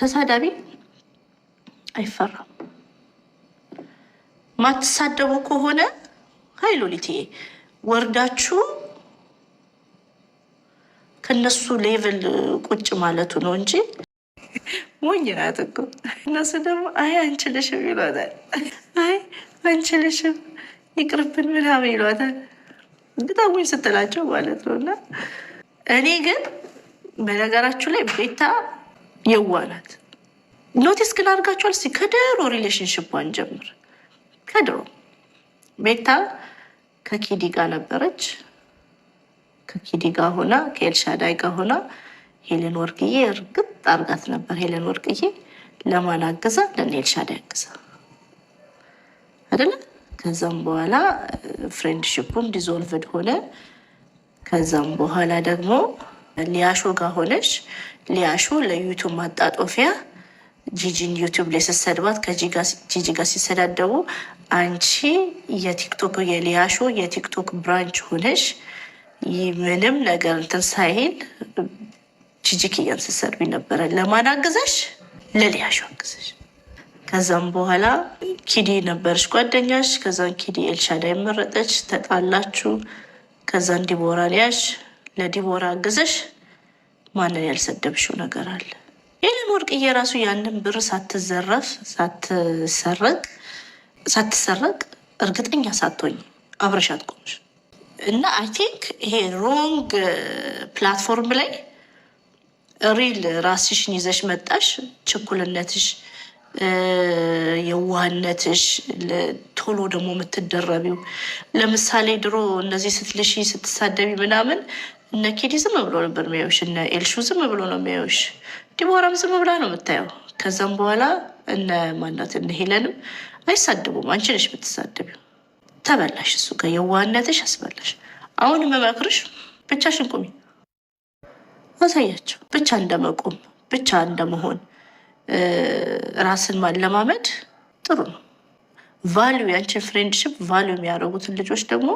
ተሳዳቢ አይፈራም። ማትሳደቡ ከሆነ ሀይሉሊቴ ወርዳችሁ ከነሱ ሌቭል ቁጭ ማለቱ ነው እንጂ ሞኝ ናት እኮ። እነሱ ደግሞ አይ አንችልሽም ይሏታል። አይ አንችልሽም ይቅርብን ምናምን ይሏታል። ግጣሙኝ ስትላቸው ማለት ነው። እና እኔ ግን በነገራችሁ ላይ ቤታ የዋናት ኖቲስ ግን አድርጋችኋል? እስኪ ከድሮ ሪሌሽንሽፑን ጀምር ከድሮ ቤታ ከኪዲ ጋር ነበረች። ከኪዲ ጋር ሆና ከኤልሻዳይ ጋር ሆና ሄሌን ወርቅዬ እርግጥ አድርጋት ነበር። ሄሌን ወርቅዬ ለማን አግዛ? ለእነ ኤልሻዳይ አግዛ አይደለ? ከዛም በኋላ ፍሬንድሽፑም ዲዞልቭድ ሆነ። ከዛም በኋላ ደግሞ ሊያሾ ጋር ሆነሽ ሊያሾ ለዩቱብ ማጣጦፊያ ጂጂን ዩቱብ ላይ ስትሰድባት ከጂጂ ጋር ሲሰዳደቡ አንቺ የቲክቶክ የሊያሾ የቲክቶክ ብራንች ሆነሽ ምንም ነገር እንትን ሳይል ጂጂ ኪያን ስትሰድቢ ነበረ። ለማን አግዘሽ? ለሊያሾ አግዘሽ። ከዛም በኋላ ኪዲ ነበረች ጓደኛሽ። ከዛን ኪዲ ኤልሻዳይ መረጠች፣ ተጣላችሁ። ከዛን ዲቦራ ሊያሽ ለዲቦራ አግዘሽ ማንን ያልሰደብሽው ነገር አለ? ይህንን ወርቅዬ ራሱ ያንን ብር ሳትዘረፍ ሳትሰረቅ እርግጠኛ ሳትሆኝ አብረሻት ቆምሽ እና አይ ቲንክ ይሄ ሮንግ ፕላትፎርም ላይ ሪል ራስሽን ይዘሽ መጣሽ። ችኩልነትሽ፣ የዋህነትሽ፣ ቶሎ ደግሞ የምትደረቢው ለምሳሌ ድሮ እነዚህ ስትልሽ ስትሳደቢ ምናምን እነ ኬዲ ዝም ብሎ ነበር የሚያዩሽ፣ እነ ኤልሹ ዝም ብሎ ነው የሚያዩሽ። ዲቦራም ዝም ብላ ነው የምታየው። ከዛም በኋላ እነ ማናት እነ ሄለንም አይሳደቡም። አንቺ ነሽ ተበላሽ። እሱ ጋር የዋህነትሽ አስበላሽ። አሁን መመክርሽ ብቻሽን ቁሚ፣ አሳያቸው ብቻ እንደመቆም ብቻ እንደመሆን ራስን ማለማመድ ጥሩ ነው። ቫሊዩ ያንቺን ፍሬንድሽፕ ቫሊዩ የሚያደርጉትን ልጆች ደግሞ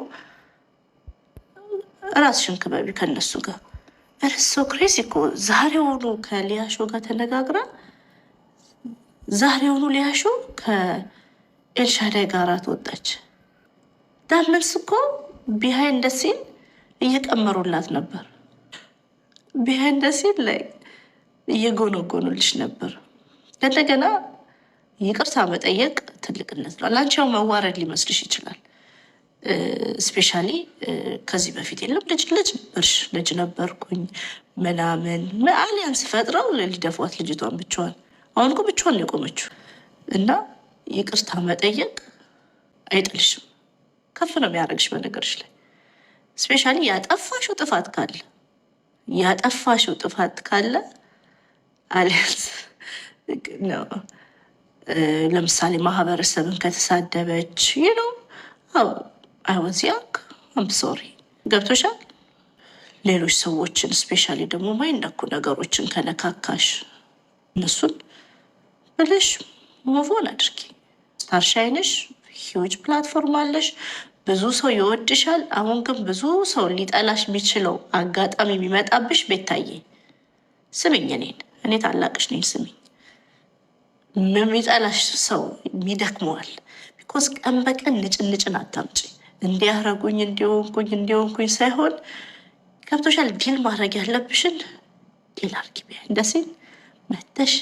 ራስሽን ክበቢ ከነሱ ጋር። ሶክሬስ እኮ ዛሬውኑ ከሊያሾ ጋር ተነጋግራ ዛሬውኑ ሊያሾ ከኤልሻዳይ ጋር ትወጣች። ዳመልስ እኮ ቢሃይንድ ሲን እየቀመሩላት ነበር። ቢሃይንድ ሲን ላይ እየጎነጎኑልሽ ነበር። እንደገና ይቅርታ መጠየቅ ትልቅነት ነው። ላንቻው መዋረድ ሊመስልሽ ይችላል ስፔሻሊ ከዚህ በፊት የለም ልጅ ልጅ ነበርሽ ልጅ ነበርኩኝ ምናምን አሊያም ሲፈጥረው ሊደፏት ልጅቷን ብቻዋን። አሁን እኮ ብቻዋን ነው የቆመችው እና ይቅርታ መጠየቅ አይጥልሽም፣ ከፍ ነው የሚያደርግሽ። በነገርሽ ላይ ስፔሻሊ ያጠፋሽው ጥፋት ካለ ያጠፋሽው ጥፋት ካለ አሊያንስ ነው ለምሳሌ ማህበረሰብን ከተሳደበች ነው አይሆን ያክ አም ሶሪ ገብቶሻል። ሌሎች ሰዎችን ስፔሻሊ ደግሞ ማይነኩ ነገሮችን ከነካካሽ እነሱን ብለሽ ሙቮን አድርጊ። ስታርሻይንሽ ሂውጅ ፕላትፎርም አለሽ። ብዙ ሰው ይወድሻል። አሁን ግን ብዙ ሰው ሊጠላሽ የሚችለው አጋጣሚ የሚመጣብሽ ቤታዬ፣ ስምኝ፣ እኔን እኔ ታላቅሽ ነኝ። ስምኝ። የሚጠላሽ ሰው ይደክመዋል። ቢኮዝ ቀን በቀን ንጭንጭን አታምጪ። እንዲያረጉኝ እንዲሆንኩኝ እንዲሆንኩኝ ሳይሆን ገብቶሻል። ዲል ማድረግ ያለብሽን ዲል አርጊ። እንደሴን መተሽ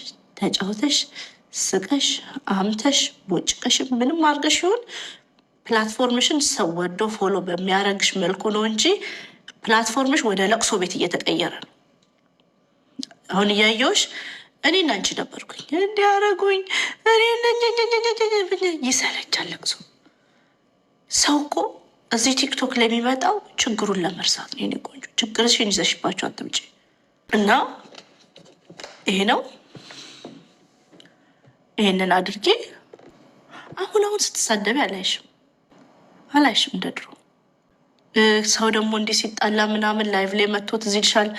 ተጫውተሽ ስቀሽ አምተሽ ቦጭቀሽ ምንም አርገሽ ይሁን ፕላትፎርምሽን ሰው ወዶ ፎሎ በሚያደርግሽ መልኩ ነው እንጂ ፕላትፎርምሽ ወደ ለቅሶ ቤት እየተቀየረ ነው። አሁን እያየሁሽ እኔ እናንቺ ነበርኩኝ እንዲያረጉኝ እኔ ይሰለቻል ለቅሶ ሰው እኮ እዚህ ቲክቶክ ለሚመጣው ችግሩን ለመርሳት ነው። የኔ ቆንጆ ችግርሽን ይዘሽባቸው አትምጪ። እና ይሄ ነው ይሄንን አድርጌ አሁን አሁን ስትሳደብ አላይሽም አላይሽም እንደ ድሮ ሰው ደግሞ እንዲህ ሲጣላ ምናምን ላይቭ ላይ መጥቶት እዚህ ልሻል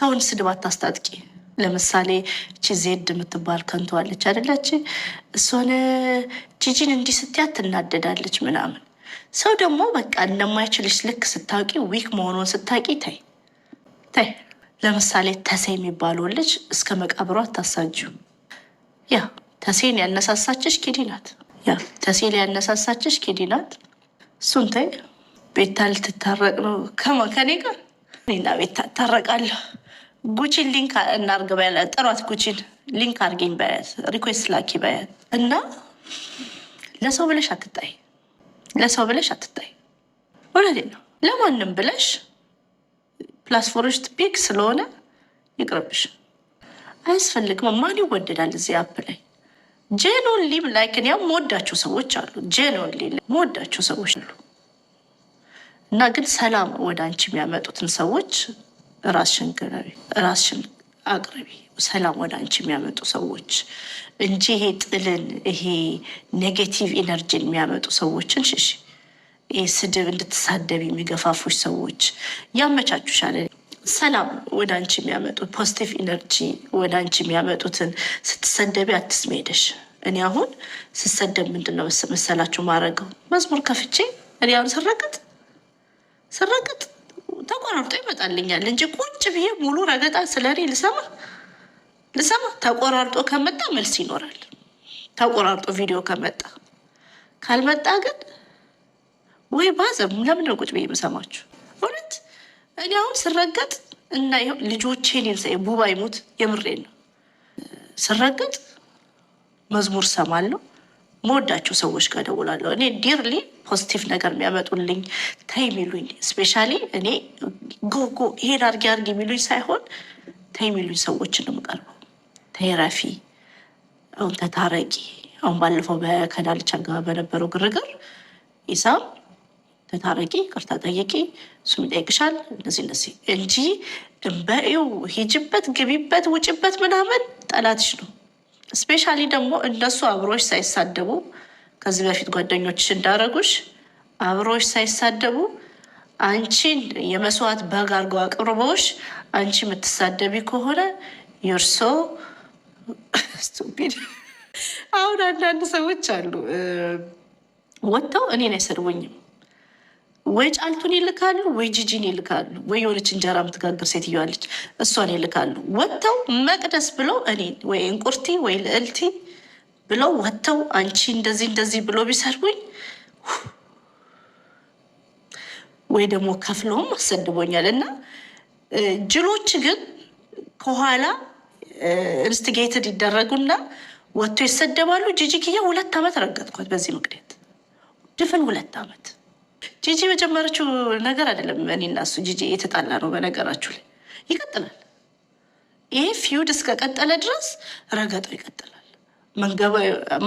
ሰውን ስድብ አታስታጥቂ። ለምሳሌ እቺ ዜድ የምትባል ከንቱ አለች አደላች። እሷን ጂጂን እንዲህ ስትያት ትናደዳለች ምናምን። ሰው ደግሞ በቃ እንደማይችልች ልክ ስታውቂ፣ ዊክ መሆኑን ስታውቂ፣ ታይ ታይ። ለምሳሌ ተሴ የሚባለው ልጅ እስከ መቃብሯ አታሳጁ። ያ ተሴን ያነሳሳችሽ ኪዲ ናት። ያ ተሴን ሊያነሳሳችሽ ኪዲ ናት። እሱን ታይ። ቤታ ልትታረቅ ነው ከኔ ጋር። እኔና ቤታ እታረቃለሁ። ጉቺን ሊንክ እናርግ በያት፣ ጥሯት። ጉቺን ሊንክ አርገኝ በያት፣ ሪኩዌስት ላኪ በያት እና ለሰው ብለሽ አትጣይ፣ ለሰው ብለሽ አትጣይ። እውነቴ ነው። ለማንም ብለሽ ፕላትፎርምሽ ቢግ ስለሆነ ይቅርብሽ፣ አያስፈልግም። ማን ይወደዳል እዚህ አፕ ላይ? ጄኖንሊ ላይክን ያው መወዳቸው ሰዎች አሉ፣ ጄኖንሊ መወዳቸው ሰዎች አሉ። እና ግን ሰላም ወደ አንቺ የሚያመጡትን ሰዎች ራስሽን ቅረቢ፣ ራስሽን አቅርቢ። ሰላም ወደ አንቺ የሚያመጡ ሰዎች እንጂ ይሄ ጥልን፣ ይሄ ኔጌቲቭ ኢነርጂን የሚያመጡ ሰዎችን ሽሽ። ይሄ ስድብ እንድትሳደብ የሚገፋፉች ሰዎች ያመቻቹሻል። ሰላም ወደ አንቺ የሚያመጡት ፖዚቲቭ ኢነርጂ ወደ አንቺ የሚያመጡትን ስትሰደቢ አትስሚ ሄደሽ። እኔ አሁን ስሰደብ ምንድን ነው መሰላችሁ ማድረገው መዝሙር ከፍቼ እኔ አሁን ስረግጥ ስረግጥ ተቆራርጦ ይመጣልኛል እንጂ ቁጭ ብዬ ሙሉ ረገጣ ስለኔ ልሰማ ልሰማ። ተቆራርጦ ከመጣ መልስ ይኖራል። ተቆራርጦ ቪዲዮ ከመጣ ካልመጣ ግን ወይ ባዘም ለምን ነው ቁጭ ብዬ የምሰማችሁ? እውነት እኔ አሁን ስረገጥ እና ልጆቼን ይልሰ ቡባ ይሙት የምሬን ነው። ስረገጥ መዝሙር ሰማለሁ። መወዳቸው ሰዎች ጋር ደውላለሁ። እኔ ዲርሊ ፖዚቲቭ ነገር የሚያመጡልኝ ተይ የሚሉኝ እስፔሻሊ እኔ ጎጎ ይሄን አድርጊ አድርጊ የሚሉኝ ሳይሆን ተይ የሚሉኝ ሰዎችን የምቀርበው ተይ ረፊ፣ አሁን ተታረቂ። አሁን ባለፈው በከዳልቻ ጋር በነበረው ግርግር ይሳ ተታረቂ፣ ቅርታ ጠየቂ፣ እሱም ይጠይቅሻል እነዚህ እንደዚህ እንጂ በይው ሂጅበት፣ ግቢበት፣ ውጭበት ምናምን ጠላትሽ ነው። እስፔሻሊ ደግሞ እነሱ አብሮች ሳይሳደቡ ከዚህ በፊት ጓደኞች እንዳረጉሽ አብሮዎች ሳይሳደቡ አንቺን የመስዋዕት በግ አርገው አቅርበውሽ አንቺ የምትሳደቢ ከሆነ ዩርሶ ስቱፒድ። አሁን አንዳንድ ሰዎች አሉ ወጥተው እኔን አይሰድቡኝም ወይ ጫልቱን ይልካሉ ወይ ጂጂን ይልካሉ ወይ የሆነች እንጀራ የምትጋግር ሴትዮዋለች እሷን ይልካሉ። ወጥተው መቅደስ ብለው እኔን ወይ እንቁርቲ ወይ ልዕልቲ ብለው ወጥተው አንቺ እንደዚህ እንደዚህ ብሎ ቢሰርቡኝ ወይ ደግሞ ከፍለውም አሰድቦኛል። እና ጅሎች ግን ከኋላ ኢንስቲጌትድ ይደረጉና ወጥቶ ይሰደባሉ። ጂጂክያ ሁለት ዓመት ረገጥኳት በዚህ ምክንያት ድፍን ሁለት ዓመት ጂጂ በጀመረችው ነገር አይደለም። እኔ እና እሱ ጂጂ የተጣላ ነው በነገራችሁ ላይ ይቀጥላል። ይሄ ፊውድ እስከቀጠለ ድረስ ረገጠው ይቀጥላል። መዝገባ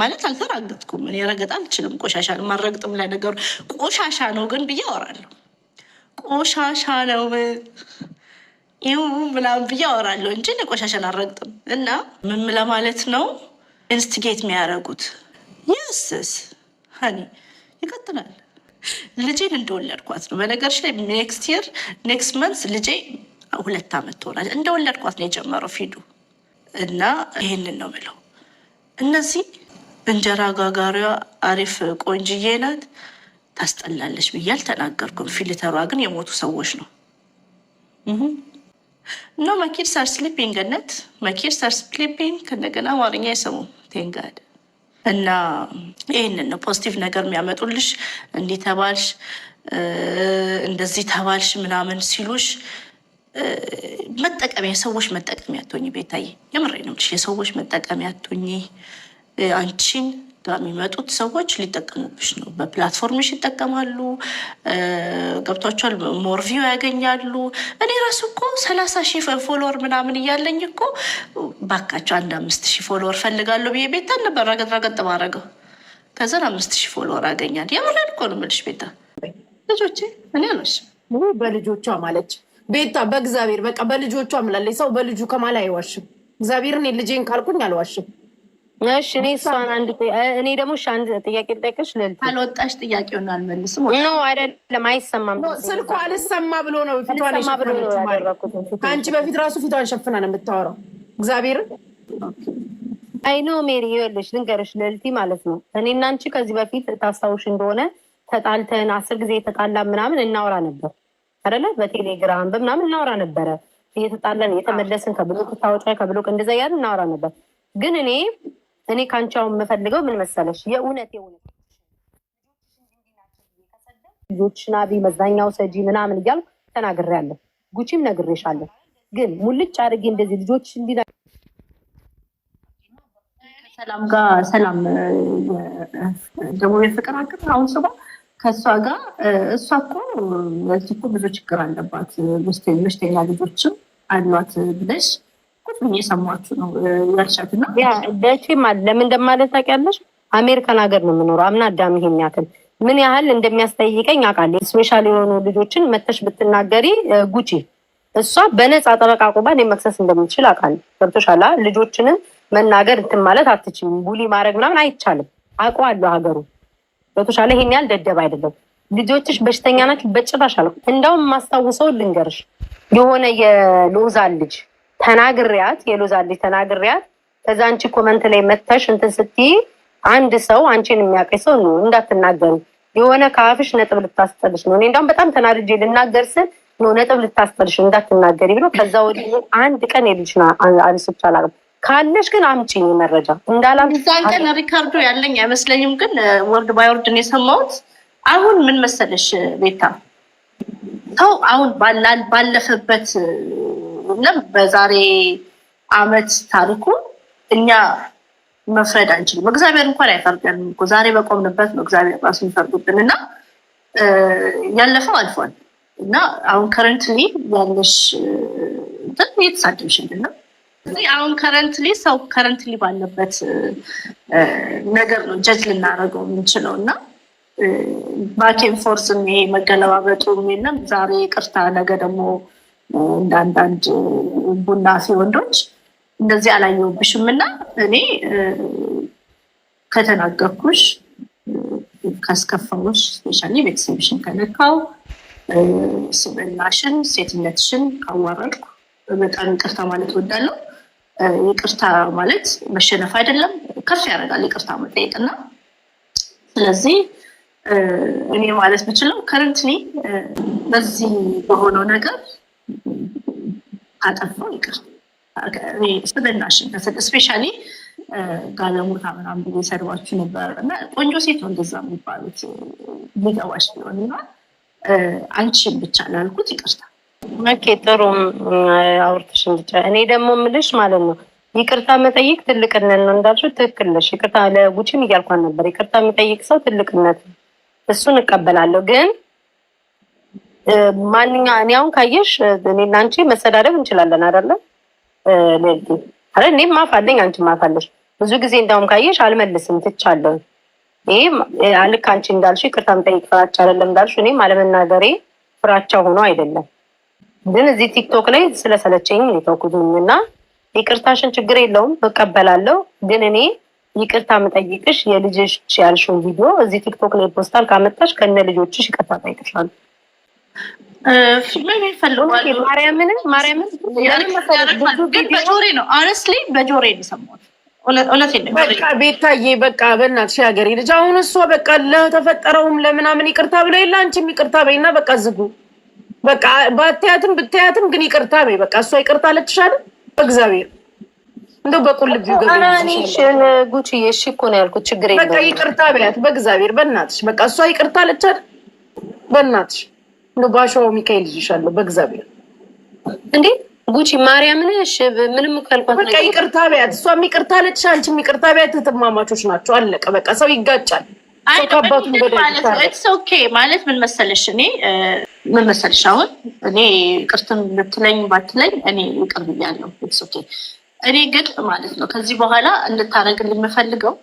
ማለት አልተራገጥኩም። እኔ ረገጥ አልችልም። ቆሻሻ ማረግጥም ላይ ነገሩ ቆሻሻ ነው ግን ብዬ አወራለሁ። ቆሻሻ ነው ይሁ ምናምን ብዬ አወራለሁ እንጂ ቆሻሻን አረግጥም እና ምን ለማለት ነው ኢንስቲጌት የሚያደርጉት ይስስ ሀኒ ይቀጥላል። ልጄን እንደወለድኳት ነው በነገርሽ ላይ ኔክስት ይር ኔክስት መንስ ልጄ ሁለት ዓመት ትሆናለች። እንደወለድኳት ነው የጀመረው ፊዱ እና ይህንን ነው ምለው እነዚህ እንጀራ ጋጋሪዋ አሪፍ ቆንጅዬ ናት፣ ታስጠላለች ብዬ አልተናገርኩም። ፊልተሯ ግን የሞቱ ሰዎች ነው። እና መኪድ ሳር ስሊፒንግ ነት መኪድ ሳር ስሊፒንግ እንደገና አማርኛ አይሰሙም። ቴንጋድ እና ይህንን ነው ፖዚቲቭ ነገር የሚያመጡልሽ። እንዲህ ተባልሽ፣ እንደዚህ ተባልሽ ምናምን ሲሉሽ መጠቀሚያ የሰዎች መጠቀሚያ አትሆኚ ቤታዬ፣ የምሬ ነው የምልሽ። የሰዎች መጠቀሚያ አትሆኚ። አንቺን የሚመጡት ሰዎች ሊጠቀሙብሽ ነው። በፕላትፎርምሽ ይጠቀማሉ። ገብቷቸዋል። ሞርቪው ያገኛሉ። እኔ ራሱ እኮ ሰላሳ ሺህ ፎሎወር ምናምን እያለኝ እኮ ባካቸው አንድ አምስት ሺህ ፎሎወር ፈልጋለሁ ብዬ ቤታን ነበር ረገጥ ረገጥ ማድረገው። ከዘን አምስት ሺህ ፎሎወር ያገኛል። የምሬን እኮ ነው የምልሽ ቤታ ልጆቼ እኔ ነሽ በልጆቿ ማለች ቤታ በእግዚአብሔር በቃ በልጆቿ ምላለች። ሰው በልጁ ከማል አይዋሽም። እግዚአብሔርን ልጄን ካልኩኝ አልዋሽም። እሺ እኔ እሷን አንድ እኔ ደግሞ አንድ ጥያቄ ልጠይቅሽ። ልል ካልወጣሽ ጥያቄውን አልመልስም። ኖ አይደለም፣ አይሰማም። ስልኩ አልሰማ ብሎ ነው ፊቷን ከአንቺ በፊት ራሱ ፊቷን ሸፍና ነው የምታወራው። እግዚአብሔርን አይኖ ሜሪ፣ ይኸውልሽ ልንገርሽ፣ ልልቲ ማለት ነው እኔ እናንቺ ከዚህ በፊት ታስታውሽ እንደሆነ ተጣልተን አስር ጊዜ የተጣላ ምናምን እናወራ ነበር አደለ በቴሌግራም በምናምን እናወራ ነበረ እየተጣለን እየተመለስን ከብሎክ ታወጫ ከብሎክ እንደዛ እያልን እናወራ ነበር። ግን እኔ እኔ ካንቻው የምፈልገው ምን መሰለሽ የእውነት የእውነት ልጆችሽን አብይ መዝናኛው ሰጂ ምናምን እያልኩ ተናግሬያለሁ። ጉቺም ነግሬሻለሁ። ግን ሙልጭ አድርጌ እንደዚህ ልጆች እንዲና ሰላም ጋር ሰላም ደግሞ የፍቅር አቅም አሁን ስባ ከእሷ ጋር እሷ እኮ እዚህ እኮ ብዙ ችግር አለባት፣ በሽተኛ ልጆችም አሏት ብለሽ ቁጥም የሰማችሁ ነው ያልሻት እና ደቼ ለምን እንደማለት ታውቂያለሽ? አሜሪካን ሀገር ነው የምኖረው። አምና አዳም ይሄን ያክል ምን ያህል እንደሚያስጠይቀኝ አውቃለሁ። ስፔሻል የሆኑ ልጆችን መተሽ ብትናገሪ ጉቺ እሷ በነፃ ጠበቃ ቁባ እኔን መክሰስ እንደምትችል አውቃለሁ። ገብቶሻል? ልጆችንም መናገር እንትን ማለት አትችልም። ቡሊ ማድረግ ምናምን አይቻልም። አውቀዋለሁ ሀገሩ በተሻለ ይሄን ያህል ደደብ አይደለም። ልጆችሽ በሽተኛ ናት በጭራሽ አለ። እንዳውም ማስታውሰው ልንገርሽ፣ የሆነ የሎዛን ልጅ ተናግሪያት፣ የሎዛን ልጅ ተናግሪያት። ከዛ አንቺ ኮመንት ላይ መተሽ እንትን ስትይ አንድ ሰው አንቺን የሚያውቀኝ ሰው ነው እንዳትናገሩ የሆነ ከአፍሽ ነጥብ ልታስጠልሽ ነው። እኔ እንዳውም በጣም ተናድጄ ልናገር ስል ነው ነጥብ ልታስጠልሽ እንዳትናገሪ ብሎ ከዛ ወዲህ አንድ ቀን የልጅ አንስቻ አላቅም ካለሽ ግን አምጪኝ መረጃ እንዳላምጪ እዛን ቀን ሪካርዶ ያለኝ አይመስለኝም። ግን ወርድ ባይ ወርድ ነው የሰማሁት። አሁን ምን መሰለሽ ቤታ ሰው አሁን ባለፈበት ለም በዛሬ አመት ታሪኩ እኛ መፍረድ አንችልም። እግዚአብሔር እንኳን አይፈርደንም እኮ ዛሬ በቆምንበት ነው እግዚአብሔር ራሱ የሚፈርዱብን እና ያለፈው አልፏል እና አሁን ከረንትሊ ያለሽ እንትን እየተሳደብሽ ነው አሁን ከረንትሊ ሰው ከረንትሊ ባለበት ነገር ነው ጀጅ ልናደርገው የምንችለው እና ባኬን ፎርስ ይሄ መገለባበጡ የለም። ዛሬ ቅርታ፣ ነገ ደግሞ እንዳንዳንድ ሴ ወንዶች እንደዚህ አላየውብሽም እና እኔ ከተናገርኩሽ ካስከፋዎች ስፔሻሊ ቤተሰብሽን ከነካው ስብዕናሽን፣ ሴትነትሽን ካዋረድኩ በጣም ይቅርታ ማለት እወዳለሁ። ይቅርታ ማለት መሸነፍ አይደለም፣ ከፍ ያደርጋል ይቅርታ መጠየቅና ስለዚህ እኔ ማለት የምችለው ከረንትሊ በዚህ በሆነው ነገር አጠፋው ይቅር ስብናሽን ስፔሻሊ ጋለሞታ ምናምን ብዬ ሰድባችሁ ነበር እና ቆንጆ ሴት ነው እንደዛ የሚባሉት ሊገባሽ ቢሆን እና አንቺን ብቻ ላልኩት ይቅርታ ኦኬ ጥሩ አውርተሽ እንድጫ እኔ ደግሞ ምልሽ ማለት ነው ይቅርታ መጠየቅ ትልቅነት ነው እንዳልሽው ትክክል ነሽ። ይቅርታ ለጉችም እያልኳን ነበር። ይቅርታ የሚጠይቅ ሰው ትልቅነት እሱን እቀበላለሁ። ግን ማንኛ እኔ አሁን ካየሽ እኔና አንቺ መሰዳደብ እንችላለን አደለ አረ እኔም ማፋለኝ አንቺ ማፋለሽ። ብዙ ጊዜ እንዳውም ካየሽ አልመልስም ትቻለሁ። ይህ ልክ አንቺ እንዳልሽ ይቅርታ መጠየቅ ፍራቻ አደለም እንዳልሽ እኔም አለመናገሬ ፍራቻ ሆኖ አይደለም ግን እዚህ ቲክቶክ ላይ ስለሰለቸኝ የተውኩትኝ እና ይቅርታሽን ችግር የለውም እቀበላለሁ። ግን እኔ ይቅርታ የምጠይቅሽ የልጅሽ ያልሽውን ቪዲዮ እዚህ ቲክቶክ ላይ ፖስታል ካመጣሽ ከነ ልጆችሽ ይቅርታ ጠይቅሻል። ነው ቤታዬ በቃ በእናትሽ ሀገሬ ልጅ አሁን እሷ በቃ ለተፈጠረውም ለምናምን ይቅርታ ብላ የለ አንቺም ይቅርታ በይና በቃ ዝጉ በቃ ባታያትም ብትያትም ግን ይቅርታ በይ። በቃ እሷ ይቅርታ ለትሻል በእግዚአብሔር እንደው በቁልቢ ገበሽን ጉቺ እሺ እኮ ነው ያልኩት። ችግር የለም በቃ ይቅርታ በያት በእግዚአብሔር በእናትሽ። በቃ እሷ ይቅርታ ለትሻል በእናትሽ። እንደው ባሸዋ ሚካኤል ይሻለሁ በእግዚአብሔር እንዴ ጉቺ ማርያምን እሺ፣ ምንም ካልኳት በቃ ይቅርታ በያት። እሷም ይቅርታ ለትሻ፣ አንቺም ይቅርታ በያት። ትማማቾች ናቸው። አለቀ በቃ ሰው ይጋጫል። ኦኬ ማለት ምን መሰለሽ፣ እኔ ምን መሰለሽ፣ አሁን እኔ ብትለኝ ባትለኝ እኔ ይቅር ብያለሁ። ኦኬ እኔ ግን ማለት ነው ከዚህ በኋላ እንድታደርግልኝ የምፈልገው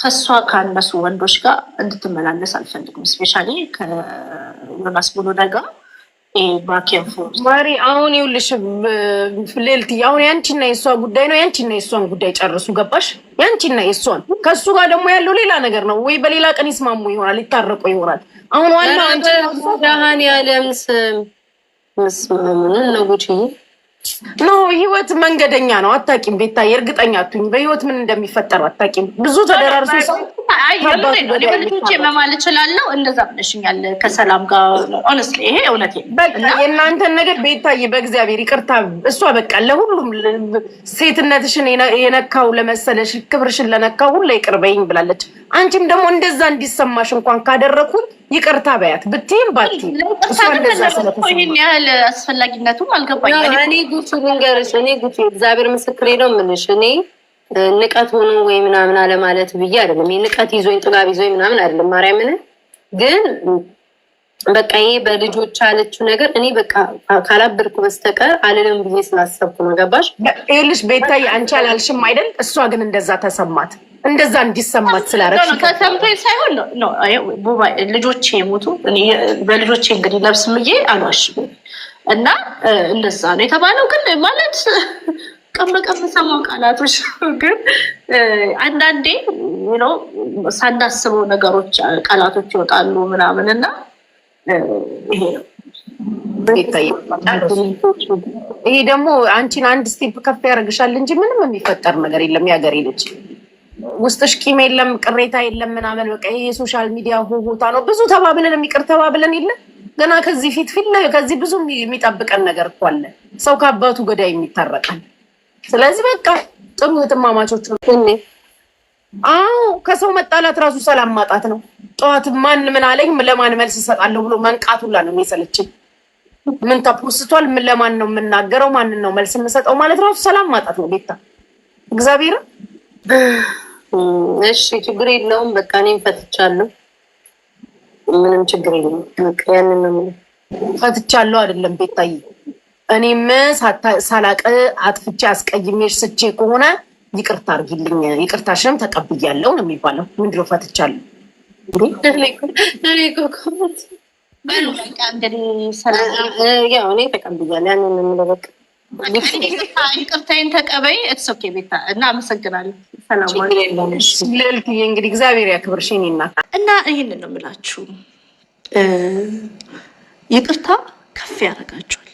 ከእሷ ካነሱ ወንዶች ጋር እንድትመላለስ አልፈልግም። ስፔሻሊ ከዮናስ ቦሎዳ ጋር ማሪ አሁን ይኸውልሽ፣ ሌልቲ አሁን ያንቺና የእሷ ጉዳይ ነው። ያንቺና የእሷን ጉዳይ ጨርሱ። ገባሽ? ያንቺና የእሷን ከእሱ ጋር ደግሞ ያለው ሌላ ነገር ነው። ወይ በሌላ ቀን ይስማሙ ይሆናል፣ ይታረቁ ይሆናል። አሁን ዋና ዳሃን ያለምስ ምስምንነጉች ኖ ህይወት መንገደኛ ነው። አታቂም ቤታ፣ የእርግጠኛ አትሁኝ። በህይወት ምን እንደሚፈጠር አታቂም። ብዙ ተደራርሶ አይ የምሬ ነው። በልጆቼ መማል እችላለሁ። እንደዛ ብለሽኛል ከሰላም ጋር ኦነስትሊ፣ ይሄ እውነት ነው። የእናንተን ነገር ቤታዬ፣ በእግዚአብሔር ይቅርታ። እሷ በቃ ለሁሉም ሴትነትሽን የነካው ለመሰለሽ ክብርሽን ለነካው ሁሉ ይቅር በይኝ ብላለች። አንቺም ደግሞ እንደዛ እንዲሰማሽ እንኳን ካደረግኩኝ ይቅርታ በያት ብትይም ባትይም ይሄን ያህል አስፈላጊነቱም አልገባኝም። እኔ ጉቺ ልንገርሽ፣ እኔ ጉቺ እግዚአብሔር ምስክሬ ነው የምልሽ እኔ ንቀት ሆኖ ወይ ምናምን አለማለት ብዬ አይደለም። ንቀት ይዞኝ ጥጋብ ይዞኝ ምናምን አይደለም። ማርያምን ግን በቃ ይሄ በልጆች አለችው ነገር እኔ በቃ ካላብርኩ በስተቀር አልልም ብዬ ስላሰብኩ ነው። ገባሽ? ይኸውልሽ ቤታዬ፣ አንቺ አላልሽም አይደል? እሷ ግን እንደዛ ተሰማት። እንደዛ እንዲሰማት ስላረግሽ ተሰምቶኝ ሳይሆን ነው። ልጆቼ የሞቱ በልጆቼ እንግዲህ ምዬ አልዋሽም እና እንደዛ ነው የተባለው ግን ማለት ቀን በቀን ቃላቶች ግን አንዳንዴ ነው ሳናስበው ነገሮች ቃላቶች ይወጣሉ ምናምን እና ይሄ ደግሞ አንቺን አንድ ስቴፕ ከፍ ያደርግሻል እንጂ ምንም የሚፈጠር ነገር የለም። ያገሬ ልጅ ውስጥሽ ቂም የለም፣ ቅሬታ የለም ምናምን በቃ ይሄ የሶሻል ሚዲያ ሆታ ነው። ብዙ ተባብለን የሚቅር ተባብለን የለ ገና ከዚህ ፊት ፊት ከዚህ ብዙ የሚጠብቀን ነገር እኮ አለ። ሰው ከአባቱ ገዳይ የሚታረቃል። ስለዚህ በቃ ጥሩ እህትማማቾች ነው። አዎ ከሰው መጣላት ራሱ ሰላም ማጣት ነው። ጠዋት ማን ምን አለኝ ለማን መልስ እሰጣለሁ ብሎ መንቃት ሁላ ነው የሚሰለችኝ። ምን ተፖስቷል፣ ምን ለማን ነው የምናገረው፣ ማንን ነው መልስ የምሰጠው ማለት ራሱ ሰላም ማጣት ነው። ቤታ እግዚአብሔር። እሺ ችግር የለውም በቃ እኔም ፈትቻለሁ። ምንም ችግር የለውም። ያንን ነው ፈትቻለሁ አይደለም ቤታዬ እኔም ሳላቅ አጥፍቼ አስቀይሜሽ ስቼ ከሆነ ይቅርታ አድርጊልኝ፣ ይቅርታሽንም ተቀብያለሁ ነው የሚባለው። ምንድን ነው ፈትቻለሁ። እኔ ተቀብያለሁ። ያንን የምለው ይቅርታዬን ተቀበይ። ኢትስ ኦኬ ቤታ እና አመሰግናለሁ። ልልትዬ እንግዲህ እግዚአብሔር ያክብርሽ የእኔ እና ይህንን ነው የምላችሁ። ይቅርታ ከፍ ያደርጋችኋል።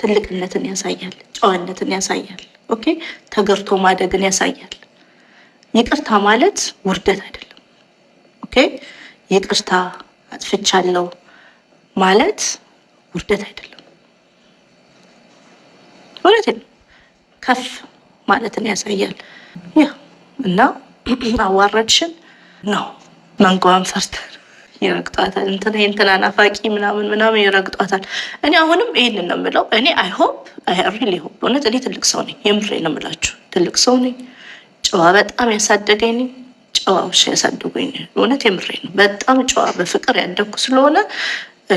ትልቅነትን ያሳያል፣ ጨዋነትን ያሳያል። ኦኬ ተገርቶ ማደግን ያሳያል። ይቅርታ ማለት ውርደት አይደለም። ኦኬ ይቅርታ አጥፍቻለሁ ማለት ውርደት አይደለም። እውነቴን ከፍ ማለትን ያሳያል። እና አዋረድሽን ነው መንጓን ፈርተን ይረግጧታል እንትና እንትና ናፋቂ ምናምን ምናምን ይረግጧታል። እኔ አሁንም ይሄንን ነው የምለው። እኔ አይሆፕ አይሪል ይሆፕ እውነት እኔ ትልቅ ሰው ነኝ፣ የምሬ ነው የምላችሁ። ትልቅ ሰው ነኝ፣ ጨዋ በጣም ያሳደገኝ ነኝ። ጨዋዎች ያሳደጉኝ እውነት የምሬ ነው። በጣም ጨዋ በፍቅር ያደግኩ ስለሆነ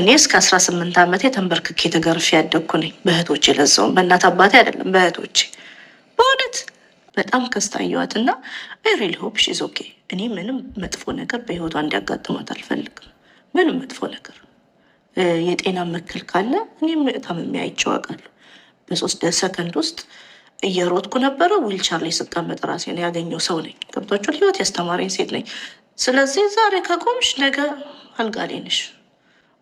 እኔ እስከ አስራ ስምንት ዓመት ተንበርክኬ ተገርፌ ያደግኩ ነኝ። በእህቶች ለዛውም በእናት አባቴ አይደለም በእህቶች በእውነት በጣም ከስታየዋት እና አይሪል ሆፕ ሺዝ ኦኬ እኔ ምንም መጥፎ ነገር በህይወቷ እንዲያጋጥማት አልፈልግም። ምንም መጥፎ ነገር የጤና መክል ካለ እኔም ታምሜ አይቼዋለሁ። በሶስት ሰከንድ ውስጥ እየሮጥኩ ነበረ። ዊልቻር ላይ ስቀመጥ ነው ያገኘው ሰው ነኝ። ገብቷችኋል? ህይወት ያስተማረኝ ሴት ነኝ። ስለዚህ ዛሬ ከቆምሽ ነገ አልጋ ላይ ነሽ።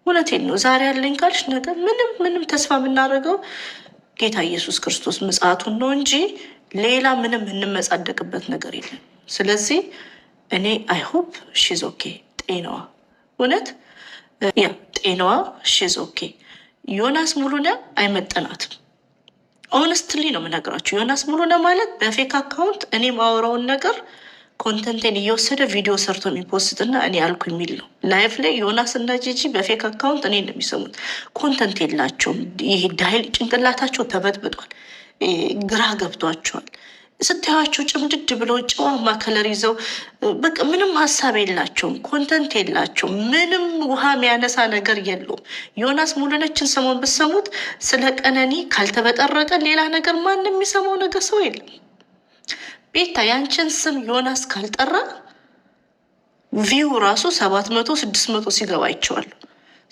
እውነቴን ነው። ዛሬ ያለኝ ካልሽ ነገ ምንም ምንም ተስፋ የምናደርገው ጌታ ኢየሱስ ክርስቶስ ምጽአቱን ነው እንጂ ሌላ ምንም የምንመጻደቅበት ነገር የለም። ስለዚህ እኔ አይሆፕ ሺዝ ኦኬ ጤናዋ እውነት ያ ጤናዋ ሺዝ ኦኬ። ዮናስ ነ አይመጠናትም። ኦነስትሊ ነው የምነግራችሁ። ዮናስ ሙሉነህ ማለት በፌክ አካውንት እኔ ማወራውን ነገር ኮንተንቴን እየወሰደ ቪዲዮ ሰርቶ የሚፖስትና እኔ አልኩ የሚል ነው። ላይፍ ላይ ዮናስ እና ጂጂ በፌክ አካውንት እኔ እንደሚሰሙት ኮንተንት የላቸውም። ይሄ ዳይል ጭንቅላታቸው ተበጥብጧል፣ ግራ ገብቷቸዋል። ስታዩቸው ጭምድድ ብሎ ጨዋማ ከለር ይዘው በቃ ምንም ሀሳብ የላቸውም፣ ኮንተንት የላቸውም፣ ምንም ውሃ የሚያነሳ ነገር የለውም። ዮናስ ሙሉነችን ሰሞን ብሰሙት ስለ ቀነኒ ካልተበጠረቀ ሌላ ነገር ማንም የሚሰማው ነገር ሰው የለም። ቤታ ያንችን ስም ዮናስ ካልጠራ ቪው ራሱ ሰባት መቶ ስድስት መቶ ሲገባ ይቸዋል።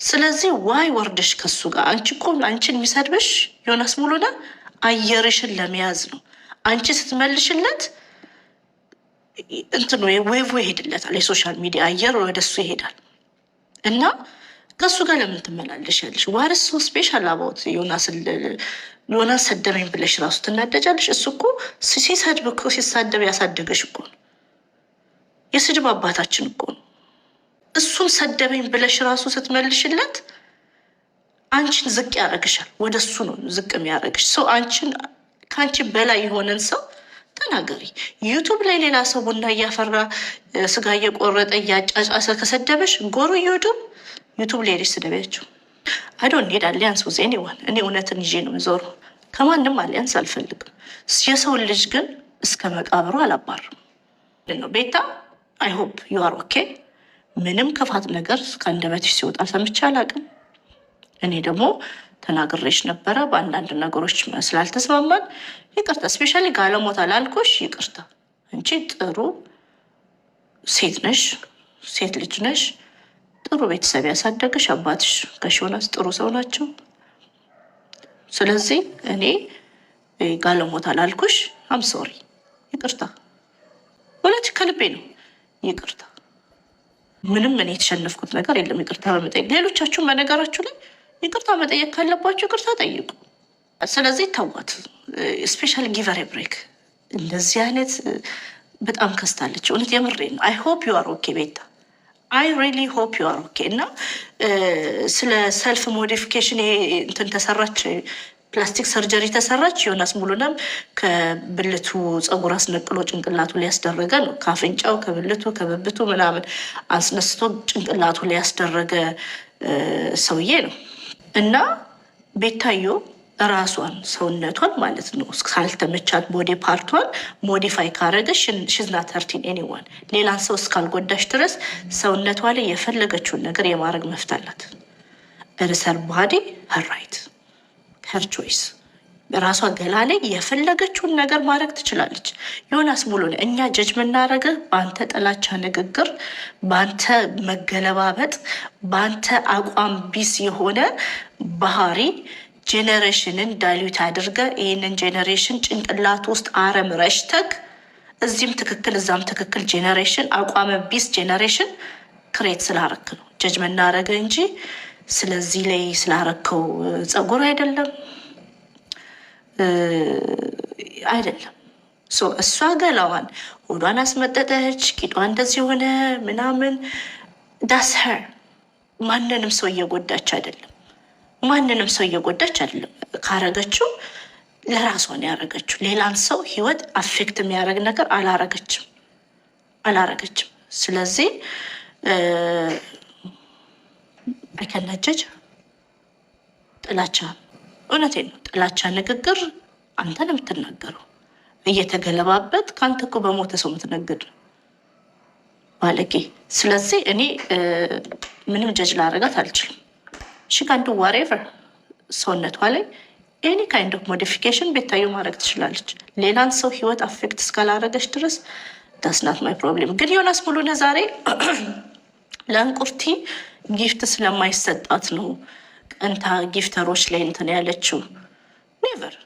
ስለዚህ ዋይ ወርደሽ ከሱ ጋር አንቺ ቆም አንቺን የሚሰድብሽ ዮናስ ሙሉነ አየርሽን ለመያዝ ነው። አንቺ ስትመልሽለት እንትን ዌቭ ይሄድለታል። የሶሻል ሚዲያ አየር ወደ ይሄዳል እና ከሱ ጋር ለምን ትመላለሻለሽ? ዋርስ ሶ ስፔሻል አባውት ዮናስ ሰደበኝ ብለሽ ራሱ ትናደጃለሽ። እሱ እኮ ሲሰድብ እኮ ሲሳደብ ያሳደገሽ እኮ ነው። የስድብ አባታችን እኮ ነው። እሱን ሰደበኝ ብለሽ ራሱ ስትመልሽለት አንቺን ዝቅ ያደረግሻል። ወደ ነው ዝቅ የሚያደርግሽ ሰው አንቺን ከአንቺ በላይ የሆነን ሰው ተናገሪ። ዩቱብ ላይ ሌላ ሰው ቡና እያፈራ ስጋ እየቆረጠ እያጫጫሰ ከሰደበሽ ጎሩ ዩቱብ ዩቱብ ላይ ሄደሽ ስደቢያቸው። አዶ ሄድ አሊያንስ ውዜ ኔዋል እኔ እውነትን ይዤ ነው ዞሩ። ከማንም አሊያንስ አልፈልግም። የሰው ልጅ ግን እስከ መቃብሩ አላባርም ነው ቤታ። አይሆፕ ዩአር ኦኬ። ምንም ክፋት ነገር ከአንደበትሽ ሲወጣ ሰምቼ አላቅም። እኔ ደግሞ ተናግሬሽ ነበረ። በአንዳንድ ነገሮች ስላልተስማማን ይቅርታ፣ ስፔሻሊ ጋለሞታ ላልኩሽ ይቅርታ። አንቺ ጥሩ ሴት ነሽ፣ ሴት ልጅ ነሽ። ጥሩ ቤተሰብ ያሳደገሽ አባትሽ ከሽሆናስ ጥሩ ሰው ናቸው። ስለዚህ እኔ ጋለሞታ ላልኩሽ አም ሶሪ፣ ይቅርታ። ሁለት ከልቤ ነው ይቅርታ። ምንም እኔ የተሸነፍኩት ነገር የለም ይቅርታ በመጠየቅ ሌሎቻችሁ በነገራችሁ ላይ ይቅርታ መጠየቅ ካለባቸው ይቅርታ ጠይቁ። ስለዚህ ተዋት። ስፔሻል ጊቨር ብሬክ እንደዚህ አይነት በጣም ከስታለች። እውነት የምሬ ነው። አይ ሆፕ ዩ አር ኦኬ ቤታ አይ ሪሊ ሆፕ ዩ አር ኦኬ። እና ስለ ሰልፍ ሞዲፊኬሽን እንትን ተሰራች፣ ፕላስቲክ ሰርጀሪ ተሰራች። ዮናስ ሙሉነም ከብልቱ ፀጉር አስነቅሎ ጭንቅላቱ ሊያስደረገ ነው። ከአፍንጫው ከብልቱ ከብብቱ ምናምን አስነስቶ ጭንቅላቱ ሊያስደረገ ሰውዬ ነው። እና ቤታዮ ራሷን ሰውነቷን ማለት ነው ካልተመቻት ቦዲ ፓርቷን ሞዲፋይ ካረገ ሽዝናት ኤኒዋን ሌላን ሰው እስካልጎዳሽ ድረስ ሰውነቷ ላይ የፈለገችውን ነገር የማድረግ መፍት አላት። ርሰር ባዲ ሀራይት ሀር ቾይስ ራሷ ገላ ላይ የፈለገችውን ነገር ማድረግ ትችላለች። ዮናስ ሙሉን እኛ ጀጅ ምናደረገ በአንተ ጥላቻ ንግግር፣ በአንተ መገለባበጥ፣ በአንተ አቋም ቢስ የሆነ ባህሪ ጄኔሬሽንን ዳሊዩት አድርገ ይህንን ጄኔሬሽን ጭንቅላት ውስጥ አረም ረሽተግ እዚህም ትክክል እዛም ትክክል ጄኔሬሽን አቋመ ቢስ ጄኔሬሽን ክሬት ስላረክ ነው ጀጅ ምናረገ እንጂ ስለዚህ ላይ ስላረከው ፀጉር አይደለም። አይደለም። እሷ ገላዋን ሆዷን አስመጠጠች፣ ቂጧ እንደዚህ ሆነ ምናምን ዳስ ሄር ማንንም ሰው እየጎዳች አይደለም። ማንንም ሰው እየጎዳች አይደለም። ካረገችው ለራሷ ነው ያረገችው። ሌላን ሰው ህይወት አፌክት የሚያደርግ ነገር አላረገችም አላረገችም። ስለዚህ አይከናጀጅ ጥላቻ እውነቴ ነው። ጥላቻ ንግግር አንተ ነው የምትናገረው። እየተገለባበት ከአንተ እኮ በሞተ ሰው የምትነግድ ባለጌ። ስለዚህ እኔ ምንም ጀጅ ላደርጋት አልችልም። ሺ ካንዱ ዋሬቨር ሰውነቷ ላይ ኤኒ ካይንድ ኦፍ ሞዲፊኬሽን ቤታዩ ማድረግ ትችላለች። ሌላን ሰው ህይወት አፌክት እስካላረገች ድረስ ዳስናት ማይ ፕሮብሌም። ግን ዮናስ ሙሉነ ዛሬ ለእንቁርቲ ጊፍት ስለማይሰጣት ነው ቀንታ ጊፍተሮች ላይ እንትን ያለችው ኔቨር